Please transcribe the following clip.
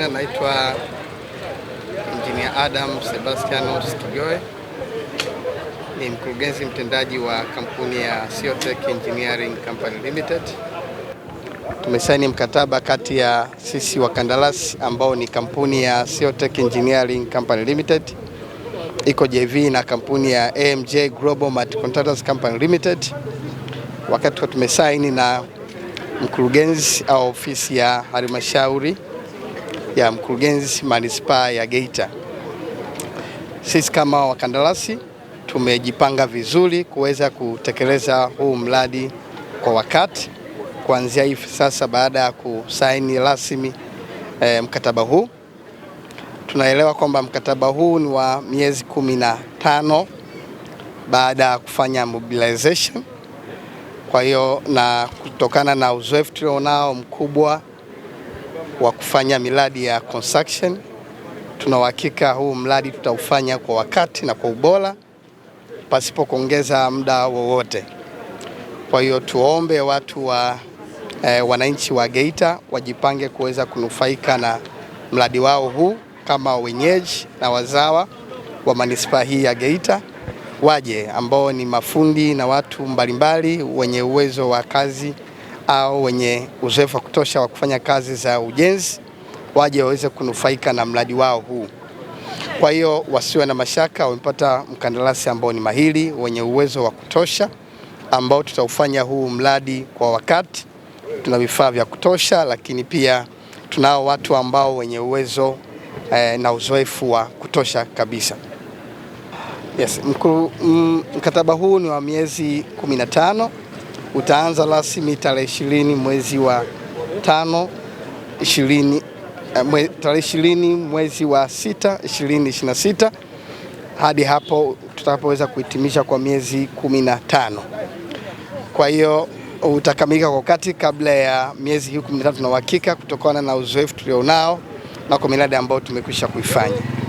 jina naitwa Injinia Adam Sebastiano Kigoe, ni mkurugenzi mtendaji wa kampuni ya Siotech Engineering Company Limited. Tumesaini mkataba kati ya sisi wakandarasi ambao ni kampuni ya Siotech Engineering Company Limited iko JV na kampuni ya AMJ Global Mat Contractors Company Limited, wakati tumesaini na mkurugenzi au ofisi ya halmashauri ya mkurugenzi manispaa ya Geita. Sisi kama wakandarasi tumejipanga vizuri kuweza kutekeleza huu mradi kwa wakati kuanzia hivi sasa, baada ya kusaini rasmi e, mkataba huu. Tunaelewa kwamba mkataba huu ni wa miezi kumi na tano baada ya kufanya mobilization. Kwa hiyo na kutokana na uzoefu tulionao mkubwa wa kufanya miradi ya construction. Tuna uhakika huu mradi tutaufanya kwa wakati na kwa ubora pasipo kuongeza muda wowote. Kwa hiyo tuombe watu wa e, wananchi wa Geita wajipange kuweza kunufaika na mradi wao huu kama wenyeji na wazawa wa manispaa hii ya Geita waje, ambao ni mafundi na watu mbalimbali wenye uwezo wa kazi au wenye uzoefu wa kutosha wa kufanya kazi za ujenzi waje waweze kunufaika na mradi wao huu. Kwa hiyo wasiwe na mashaka, wamepata mkandarasi ambao ni mahiri wenye uwezo wa kutosha ambao tutaufanya huu mradi kwa wakati. Tuna vifaa vya kutosha, lakini pia tunao watu ambao wenye uwezo eh, na uzoefu wa kutosha kabisa. Yes, mkataba huu ni wa miezi 15 utaanza rasmi tarehe ishirini mwezi wa tano ishirini eh, tarehe ishirini mwezi wa sita ishirini ishirini na sita hadi hapo tutapoweza kuhitimisha kwa miezi kumi na tano. Kwa hiyo utakamilika kwa wakati kabla ya miezi hii kumi na na uhakika kutokana na uzoefu tulionao na kwa miradi ambayo tumekwisha kuifanya.